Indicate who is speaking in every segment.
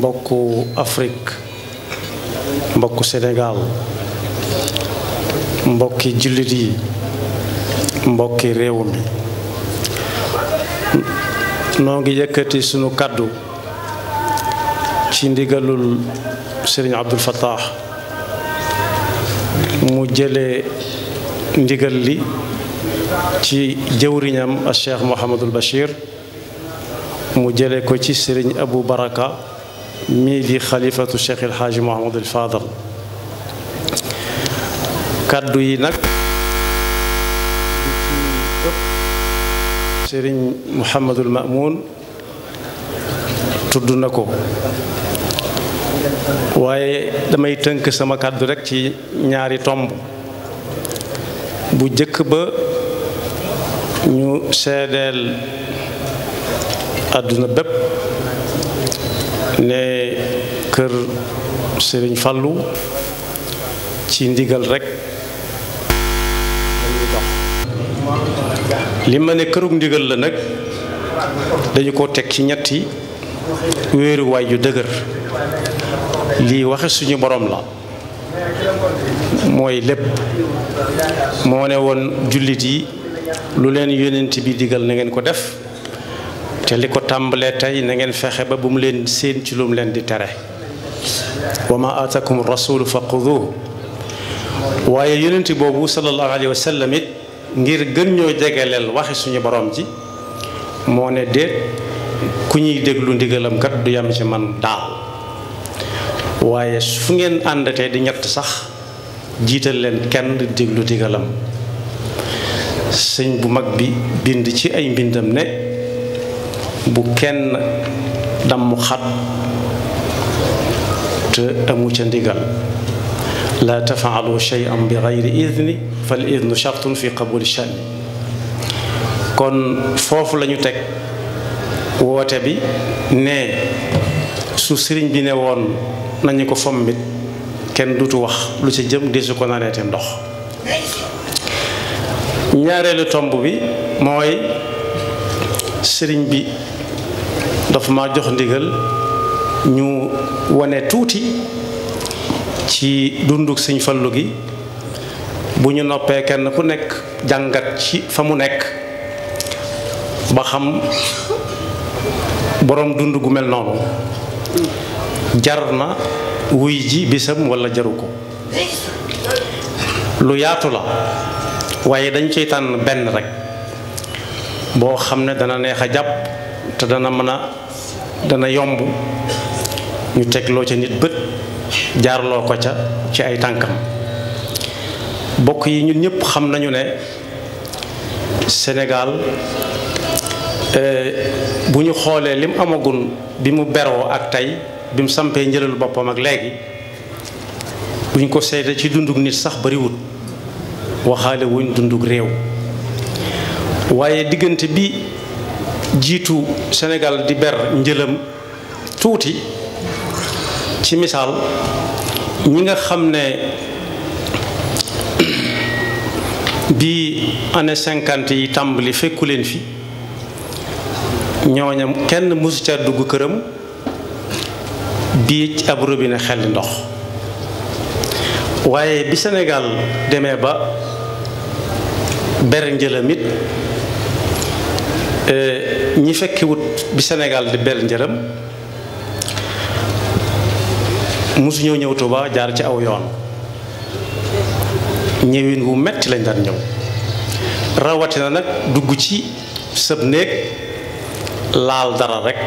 Speaker 1: mbokku Afrique mbokku Sénégal mbokki jullit yi mbokki réew mi noo ngi yëkkati sunu kàddu ci ndigalul Serigne Abdul Fattah mu jële ndigal li ci jëwriñam a Cheikh Mouhamadul bashir mu jële ko ci Serigne abu Baraka mii di xalifatu cheikh El Hadj Mouhamadul Fadal kàddu yi nag sëriñ Mouhamadul Mamoun tudd na ko waaye damay tënk sama kàddu rekk ci ñaari tomb bu jëkk ba ñu seedeel àdduna bépp ne kër Sëriñ Fallu ci ndigal rekk li ma ne kërug ndigal la nag dañu ko teg ci ñetti wéeruwaay yu dëgër lii waxe suñu borom la mooy lépp moo ne woon jullit yi lu leen yonent bi digal nangeen ko def te li ko tàmbalee tey na ngeen fexe ba bu mu leen séen ci lu mu leen di tere wa ma fa xuduhu waaye yonent boobu sallallahu alayhi wa it ngir gën ñoo jegeleel waxi suñu boroom ji moo ne déet ku ñuy déglu ndigalam kat du yam ci man daal waaye fu ngeen àndatee di ñett sax jiital leen kenn déglu ndigalam sëñ bu mag bi bind ci ay mbindam ne bu kenn damm xat te amu ca ndigal laa tafaalu cheyan bi geyri idni fal idnu chartun fi qabuli shani kon foofu lañu teg woote bi ne su sëriñ bi ne woon nañu ko fommit kenn dutu wax lu ca jëm gisu su ko naneete ndox ñaareelu tomb bi mooy sëriñ bi dafa ma jox ndigal ñu wone tuuti ci dunduk sëñ fallu gi bu ñu noppee kenn ku nekk jàngat ci fa mu nekk ba xam boroom dund gu mel noonu jar na wuy ji bisam walla jaru ko lu yaatu la waaye dañ ciy tànn benn rekk boo xam ne dana neex a jàpp te dana mën dana yomb ñu tegloo ca nit bët jaarloo ko ca ci ay tànkam bokk yi ñun ñëpp xam nañu ne Sénégal eh, bu ñu xoolee lim amagun bi mu beroo ak tey bi mu sampee njëlalu boppam ak léegi buñ ko seetee ci dundug nit sax bariwut waxaale wuñ dundug réew waaye diggante bi jiitu Sénégal di ber njëlam tuuti ci misaal ñi nga xam ne bi année cinquante yi tàmbali fekku leen fi ñooñam kenn mësu ca dugg këram bii ci ab robine xel ndox waaye bi Sénégal deme ba ber njëlamit Euh, ñi fekki wut bi senegal di bel njëram mosu ñoo ñëw Touba jaar ci aw yoon ñëwin wu metti lañ daan ñëw rawatina nag dugg ci sëb néeg laal dara rekk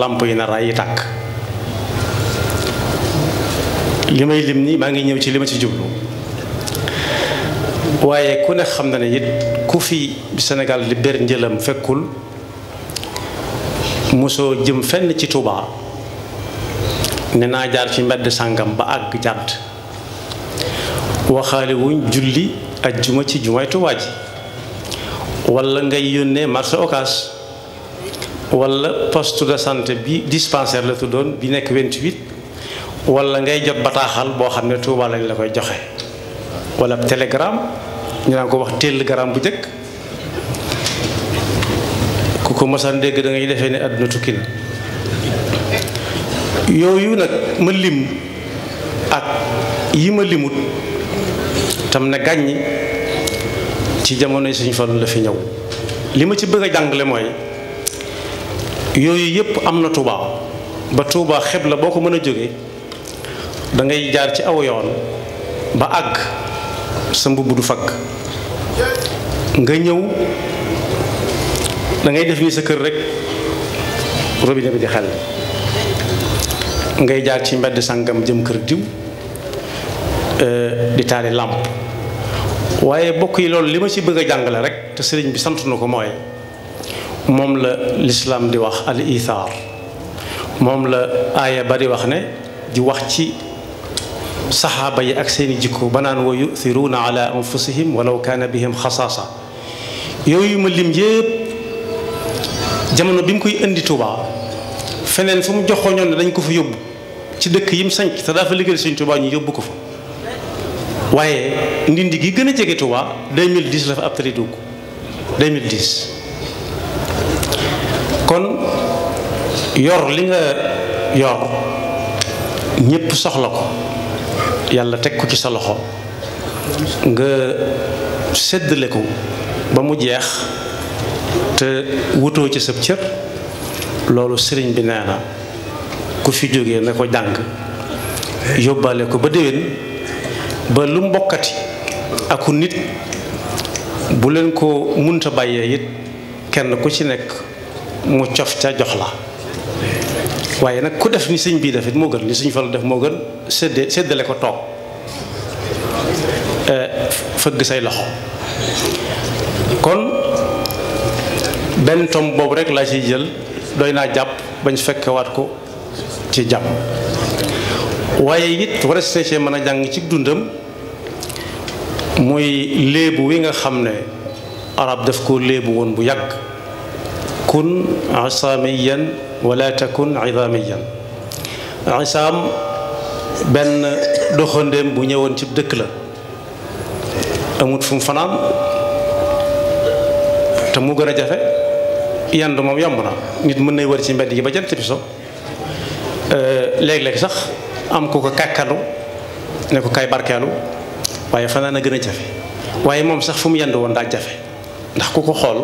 Speaker 1: làmp yi na ray tàkk li may lim nii maa ngi ñëw ci li ma ci jublu waaye ku ne xam na ne it ku fi senegal li ber njëlam fekkul mosoo jëm fenn ci Touba ne naa jaar ci mbedd sàngam ba àgg jàdd waxaale wuñ julli ajjuma ci jumaay Touba ji wala ngay yónnee marché Ocass wala poste de santé bi dispensaire la tuddoon bi nekk 28 wala ngay jot bataaxal boo xam ne Touba lañ la koy joxe. wala telegram ñu naan ko wax telegram bu njëkk ku ko mosaan dégg da defe defee ne àdduna tukki na yooyu nag ma lim ak yi ma limut tam ne gàññi ci jamono suñu Fallu la fi ñëw li ma ci bëgg a jàngale mooy yooyu yëpp am na Tuubaa ba Tuubaa xëpp la boo ko mën a jóge dangay jaar ci aw yoon ba àgg sa mbubb du fagg nga ñëw dangay def nii sa kër rek robinet bi di xel ngay jaar ci mbedd sàngam jëm kër diw euh, di taali làmp waaye bokk yi loolu li ma ci bëgg a jàngale rek te sëriñ bi sant na ko mooy moom la lislaam di wax al ithaar moom la aaya ba di wax ne di wax ci saxaaba yi ak seeni jikko ba naan wa yuthiruuna ala anfusihim walaw kaana bihim xasaasa yooyu ma lim yépp jamono bi mu koy indi Touba feneen fu mu joxoñoon ne dañ ko fa yóbbu ci dëkk yi mu sanc te daa fa liggéey Sëñ Touba ñu yóbbu ko fa waaye ndindi gi gën a jege Touba 2010 la fa ab tali dugg kon yor li nga yor ñépp soxla ko yàlla teg ko ci sa loxo nga séddale ko ba mu jeex te wutoo ci sab cër loolu sëriñ bi nee na ku fi jógee na ko jàng yóbbaale ko ba déwén ba lu mbokkati aku nit bu leen ko munta bàyyee it kenn ku ci nekk mu cof ca jox la waaye nag ku def ni sëñ bii def it moo gën li sëñ Fallu def moo gën séddee séddale ko toog eh, fëgg say loxo kon benn tomb boobu rek laa ciy jël doy naa jàpp bañ fekkewaat ko ci jàpp waaye it war a see mën a jàng ci dundam muy léebu wi nga xam ne arab def ko léebu woon bu yàgg kun yenn wala takun idaamiyan isaam benn doxandéem bu ñëwoon ci dëkk la amut fum mu fanaan te mu gën a jafe yendu moom yomb na nit mën nay wër ci mbedd yi ba jant bi so euh, léeg-léeg sax am ku ko kàkkalu ne ko kay barkeelu waaye fanaan a gën a jafe waaye moom sax fu mu yendu woon daa jafe ndax ku ko xool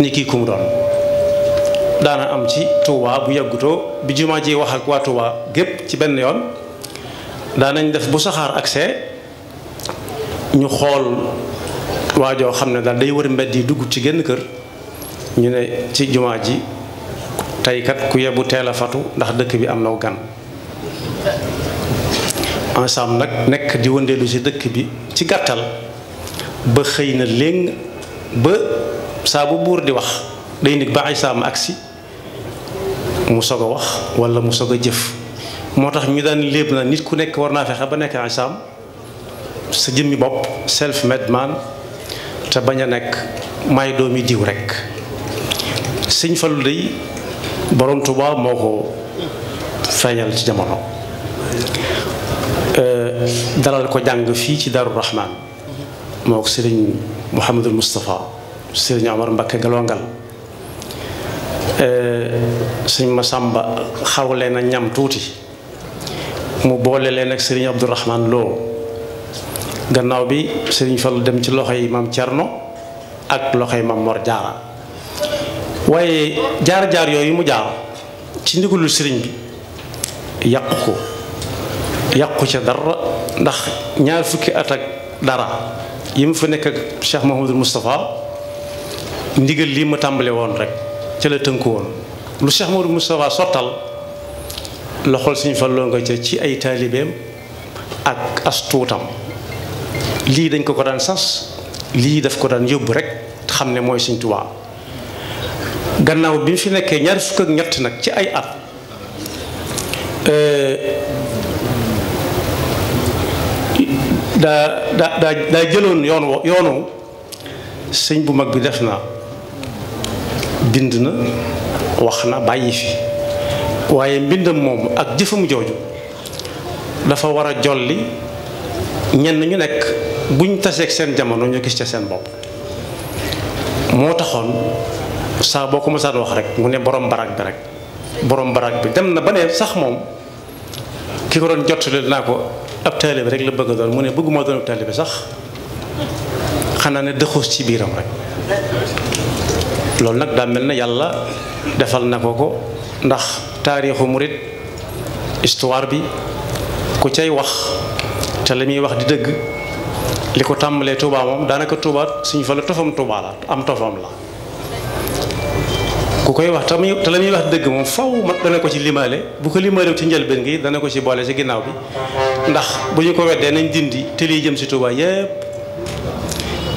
Speaker 1: ni kii ku doon daana am ci Touba bu yàggutoo bi jumaa ji wax ak waa Touba gépp ci benn yoon daanañ def bu saxaar akse ñu xool waajoo xam ne daal day wër mbedd yi dugg ci génn kër ñu ne ci jumaa ji tey kat ku yebu teel a fatu ndax dëkk bi am naw gan ensemble nag nekk di wëndeelu ci dëkk bi ci gàttal ba xëy na léng ba saa bu buur di wax day nit ba ay saam mu soog a wax wala mu soog a jëf moo tax ñu daan léeb na nit ku nekk war naa fexe ba nekk ensemble sa jëmmi bopp self made te bañ a nekk may doomi diw rek sëñ Fallu dey borom Tuubaa moo ko feeñal ci jamono dalal ko jàng fii ci Daaru Rahmaan moo ko sëriñ Mouhamadul Moustapha sëriñ Omar Mbakke Galongal Euh, sëñ Masamba xaw leen a ñam tuuti mu boole leen ak sëriñ Abdourahman Lo gannaaw bi sëriñ fa dem ci loxo yi maam Cerno ak loxo yi maam Mor Jaara waaye jaar-jaar yooyu mu jaar ci ndigalul sëriñ bi yàqu ko yàqu ca dara ndax ñaar fukki at ak dara yi mu fa nekk ak Cheikh Mouhamadul Moustapha ndigal lii ma tàmbale woon rek ca la tënku woon lu Cheikh Modou sottal loxol suñ falloo nga ca ci ay taalibeem ak astuutam lii dañ ko ko daan sas lii daf ko daan yóbbu rek xam ne mooy Sëñ Tuubaa gannaaw bi mu fi nekkee ñaar fukk ak ñett nag ci ay at eh, daa daa daa jëloon yoon yoonu sëñ bu mag bi def na bind na wax na bàyyi fi waaye mbindam moomu ak jëfam jooju dafa war a jolli ñenn ñu nekk buñ taseeg seen jamono ñu gis ca seen bopp moo taxoon saa boo ko mësaan wax rek mu ne borom barak bi rek borom barak bi dem na ba ne sax moom ki ko doon jottali naa ko ab taalibe rek la bëgg doon mu ne bëgguma doon ab taalibe sax xanaa ne dëxus ci biiram rek loolu nag daa mel ne yàlla defal na ko ko ndax taarixu murit histoire bi ku cay wax te la muy wax di dëgg li ko tàmbalee Touba moom daanaka Touba suñu fa la tofam koy wax te te wax dëgg moom faw ko ci limaale bu ko limaale ci njëlbeen gi dana ko ci boole ci ginnaaw bi ndax bu ñu ko weddee nañ dindi te liy jëm si Touba yépp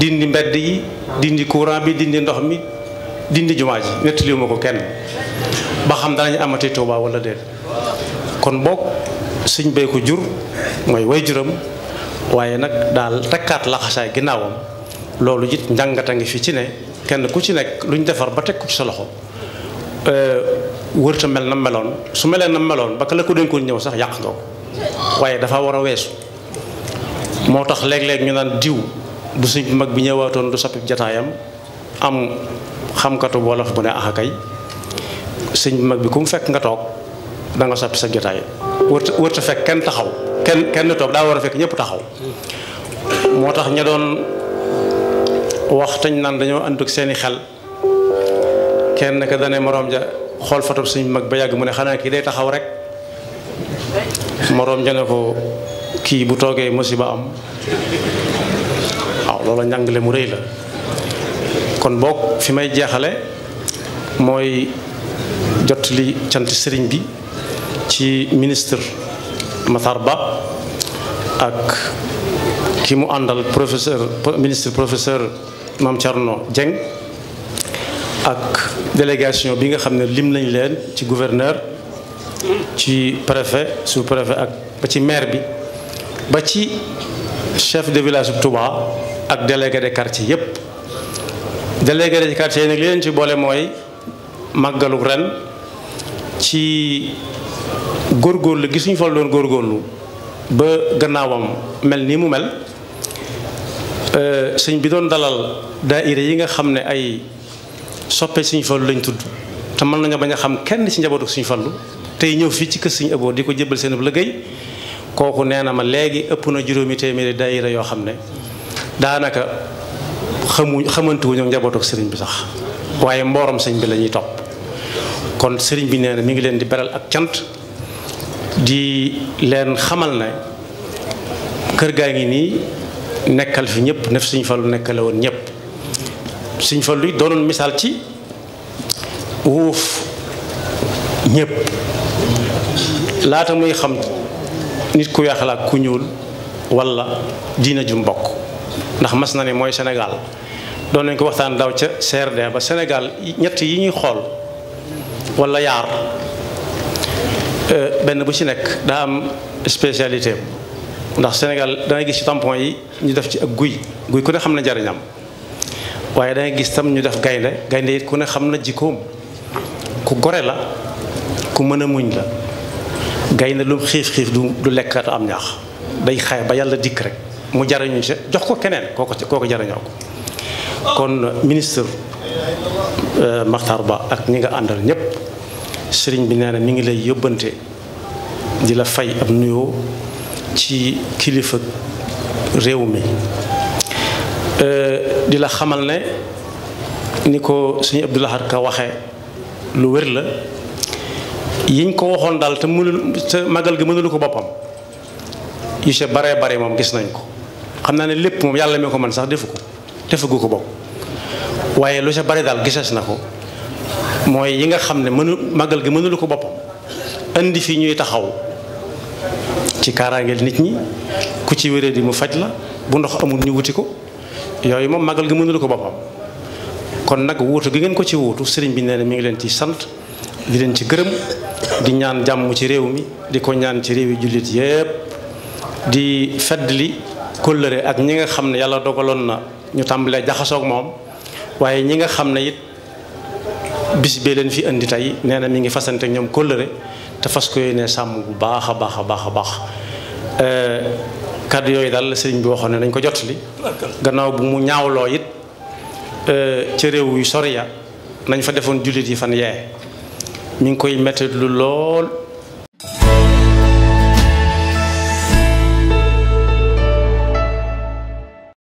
Speaker 1: dindi mbedd yi dindi courant bi dindi ndox mi dindi jumaa ji nettali ma ko kenn ba xam danañ amati Tuuba wala déet kon boog suñ bay ko jur mooy way juram waaye nag daal takkaat laxasaay ginnaawam loolu it a ngi fi ci ne kenn ku ci nekk luñ defar ba teg ko ci sa loxo euh, wërta mel na meloon su melee na meloon ba ka la ko dénkoon ñëw sax yàq nga ko waaye dafa war a weesu moo tax léeg-léeg ñu naan diw bu suñ mag bi ñëwaatoon du sappi jataayam am xam xamkatu wolof bu ne ax akay sëñ bi mag bi ku mu fekk nga toog da nga soppi sa jotaay wërta fekk kenn taxaw kenn kenn toog daa war a fekk ñëpp taxaw moo tax ña doon wax tañ naan dañoo ànd ak seeni xel kenn ka dane moroom ja xool foto suñ mag ba yàgg mu ne xanaa kii day taxaw rek moroom ja ko kii bu toogee musiba am waaw loola njàngale mu rëy la kon book fi may jeexale mooy jot li cant sëriñ bi ci ministre Matar Ba ak ki mu àndal professeur ministre professeur Mame Thierno Dieng ak délégation bi nga xam ne lim nañ leen ci gouverneur ci préfet sous préfet ak ba ci maire bi ba ci chef de village bu Touba ak délégué de quartier yépp délégué de quartier yi nag leen ci boole mooy màggalu ren ci góorgóorlu gisuñu fa la doon góorgóorlu ba gannaawam mel nii mu mel euh, sëñ bi doon dalal daa daaira yi nga xam ne ay soppe suñu fallu lañ tudd te mën nañu bañ nga xam kenn ci njabootu suñu lu tey ñëw fii ci kër suñu ëboo di ko jëbal seen liggéey kooku nee na ma léegi ëpp na juróomi téeméeri daaira yoo xam ne daanaka xamu xamante wu ñoom sëriñ bi sax waaye mbooram sëñ bi lañuy topp kon sëriñ bi neena na mi ngi leen di beral ak cant di leen xamal na kër gaa ngi nii nekkal fi ñëpp nef sëñ Fallu nekkale woon ñëpp sëñ Fallu yi doonoon misaal ci wuuf ñépp laata muy xam nit ku weex ak ku ñuul walla diina ju mbokk ndax mas na ne mooy senegaal doon nañ ko waxtaan daaw ca CRD ba Sénégal ñett yi ñuy xool walla yaar euh, benn bu ci nekk daa am spécialité ndax Sénégal dangay gis ci tempon yi ñu def ci ak guy guy ku ne xam na jariñam waaye dangay gis tam ñu def gaynde gaynde it ku ne xam na jikkoom ku gore la ku mën a muñ la gaynde lu xiif xiif du du lekkat am ñaax day xaay ba yàlla dikk rek mu jariñu ci jox ko keneen kooko kooko jariñoo ko kon ministre euh, Makhtar Ba ak ñi nga àndal ñëpp sëriñ bi nee na mi ngi lay yóbbante di la fay ab nuyoo ci kilifa réew mi euh, di la xamal ne ni ko suñu Abdou Lahad Ka waxe lu wér la yiñ ko waxoon daal te mënul te magal gi mënulu ko boppam yu se baree bare moom gis nañ ko xam naa ne lépp moom yàlla mi ko man sax defu ko defagu ko bopp waaye lu sa bari daal gisees na ko mooy yi nga xam ne mënul màggal gi mënulu ko boppam indi fi ñuy taxaw ci kaaraangeel nit ñi ku ci wéree di mu faj la bu ndox amul ñu wuti ko yooyu moom màggal gi mënulu ko boppam kon nag wuutu gi ngeen ko ci wuutu sëriñ bi nee mu ngi leen ci sant di leen ci gërëm di ñaan jàmm ci réew mi di ko ñaan ci réew yi jullit yépp di fedd li kóllëre ak ñi nga xam ne yàlla dogaloon na ñu tàmbalee jaxasoog moom waaye ñi nga xam ne it bis bee leen fi indi tey nee na mi ngi fasante ak ñoom kóllëre te fas ko ne sàmm bu baax a baax a baax a baax euh, kàddu yooyu daal la sëriñ bi waxoon ne nañ ko jotali gannaaw bu mu ñaawloo it euh, ci réew yu sori ya nañ fa defoon jullit yi fan yee mi ngi koy métti lu lool